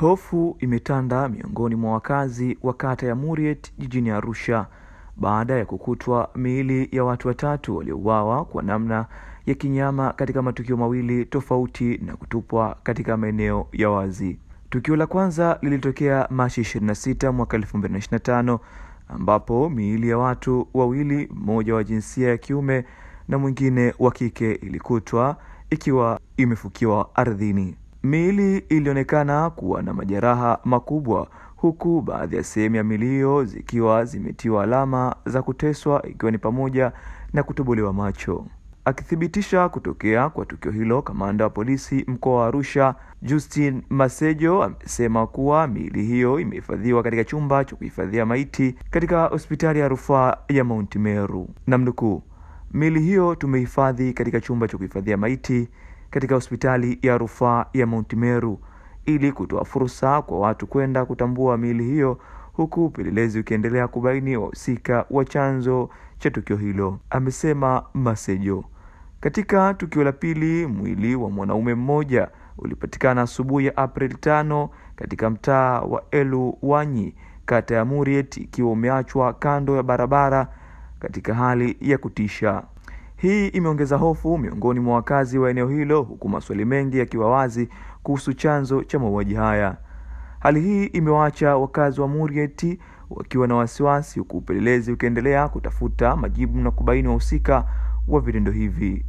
Hofu imetanda miongoni mwa wakazi wa kata ya Muriet jijini Arusha baada ya kukutwa miili ya watu watatu waliouawa kwa namna ya kinyama katika matukio mawili tofauti na kutupwa katika maeneo ya wazi. Tukio la kwanza lilitokea Machi 26 mwaka 2025 ambapo miili ya watu wawili, mmoja wa jinsia ya kiume na mwingine wa kike, ilikutwa ikiwa imefukiwa ardhini. Miili ilionekana kuwa na majeraha makubwa huku baadhi ya sehemu ya miili hiyo zikiwa zimetiwa alama za kuteswa ikiwa ni pamoja na kutobolewa macho. Akithibitisha kutokea kwa tukio hilo, kamanda wa polisi mkoa wa Arusha Justin Masejo amesema kuwa miili hiyo imehifadhiwa katika chumba cha kuhifadhia maiti katika hospitali ya rufaa ya Mount Meru. Namnukuu, miili hiyo tumehifadhi katika chumba cha kuhifadhia maiti katika hospitali ya rufaa ya Mount Meru ili kutoa fursa kwa watu kwenda kutambua miili hiyo huku upelelezi ukiendelea kubaini wahusika wa chanzo cha tukio hilo, amesema Masejo. Katika tukio la pili, mwili wa mwanaume mmoja ulipatikana asubuhi ya Aprili tano katika mtaa wa Elu Wanyi, kata ya Muriet, ikiwa umeachwa kando ya barabara katika hali ya kutisha. Hii imeongeza hofu miongoni mwa wakazi wa eneo hilo huku maswali mengi yakiwa wazi kuhusu chanzo cha mauaji haya. Hali hii imewaacha wakazi wa Murieti wakiwa na wasiwasi huku upelelezi ukiendelea kutafuta majibu na kubaini wahusika wa vitendo hivi.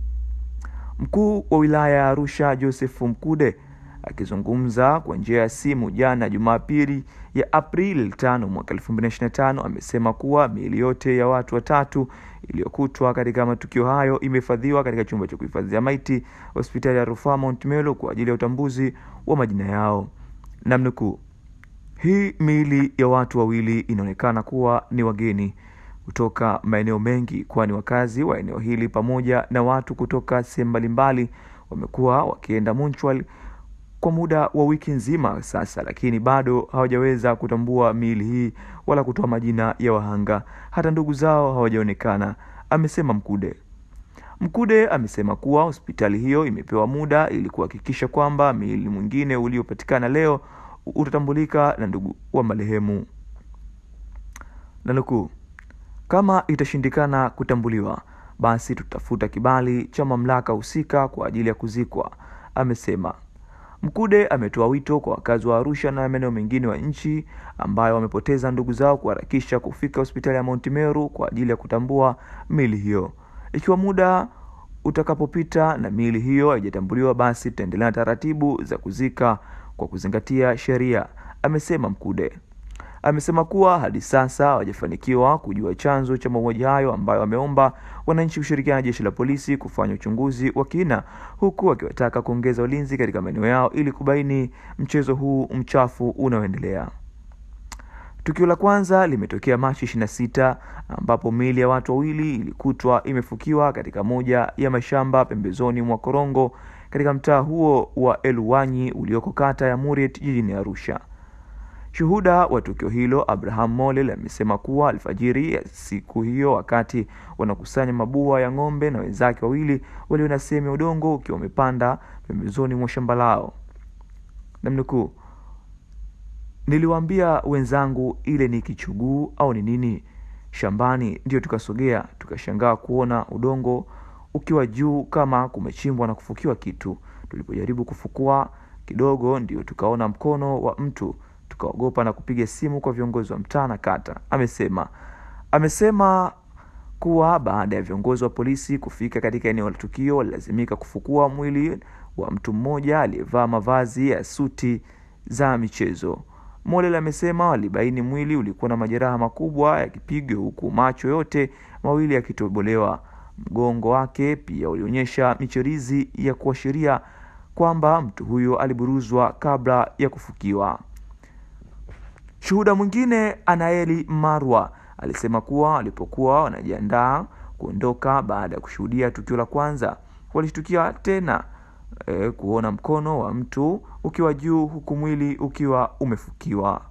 Mkuu wa wilaya ya Arusha Joseph Mkude Akizungumza kwa njia ya simu jana Jumapili ya Aprili 5 mwaka 2025, amesema kuwa miili yote ya watu watatu iliyokutwa katika matukio hayo imehifadhiwa katika chumba cha kuhifadhia maiti hospitali ya rufaa Mount kwa ajili ya utambuzi wa majina yao. Namnukuu, hii miili ya watu wawili inaonekana kuwa ni wageni kutoka maeneo mengi, kwani wakazi wa eneo hili pamoja na watu kutoka sehemu mbalimbali wamekuwa wakienda Munchwal kwa muda wa wiki nzima sasa, lakini bado hawajaweza kutambua miili hii wala kutoa majina ya wahanga. Hata ndugu zao hawajaonekana, amesema Mkude. Mkude amesema kuwa hospitali hiyo imepewa muda ili kuhakikisha kwamba miili mwingine uliopatikana leo utatambulika na ndugu wa marehemu. Nanukuu, kama itashindikana kutambuliwa, basi tutafuta kibali cha mamlaka husika kwa ajili ya kuzikwa, amesema. Mkude ametoa wito kwa wakazi wa Arusha na maeneo mengine wa nchi ambayo wamepoteza ndugu zao kuharakisha kufika hospitali ya Mount Meru kwa ajili ya kutambua miili hiyo. Ikiwa muda utakapopita na miili hiyo haijatambuliwa, basi tutaendelea na taratibu za kuzika kwa kuzingatia sheria, amesema Mkude amesema kuwa hadi sasa hawajafanikiwa kujua chanzo cha mauaji hayo ambayo ameomba wananchi kushirikiana na jeshi la polisi kufanya uchunguzi wa kina, huku akiwataka kuongeza ulinzi katika maeneo yao ili kubaini mchezo huu mchafu unaoendelea. Tukio la kwanza limetokea Machi 26 ambapo miili ya watu wawili ilikutwa imefukiwa katika moja ya mashamba pembezoni mwa Korongo katika mtaa huo wa Eluwanyi ulioko kata ya Muriet jijini Arusha. Shuhuda wa tukio hilo Abraham Molel amesema kuwa alfajiri ya siku hiyo, wakati wanakusanya mabua ya ng'ombe na wenzake wawili walio na sehemu ya udongo ukiwa umepanda pembezoni mwa shamba lao, namnukuu, niliwaambia wenzangu ile ni kichuguu au ni nini shambani, ndiyo tukasogea, tukashangaa kuona udongo ukiwa juu kama kumechimbwa na kufukiwa kitu. Tulipojaribu kufukua kidogo, ndio tukaona mkono wa mtu akaogopa na kupiga simu kwa viongozi wa mtaa na kata, amesema. Amesema kuwa baada ya viongozi wa polisi kufika katika eneo la tukio, walilazimika kufukua mwili wa mtu mmoja aliyevaa mavazi ya suti za michezo. Mollel amesema walibaini mwili ulikuwa na majeraha makubwa ya kipigo, huku macho yote mawili yakitobolewa. Mgongo wake pia ulionyesha michirizi ya kuashiria kwamba mtu huyo aliburuzwa kabla ya kufukiwa. Shuhuda mwingine Anaeli Marwa alisema kuwa walipokuwa wanajiandaa kuondoka baada ya kushuhudia tukio la kwanza, walishtukia tena e, kuona mkono wa mtu ukiwa juu huku mwili ukiwa umefukiwa.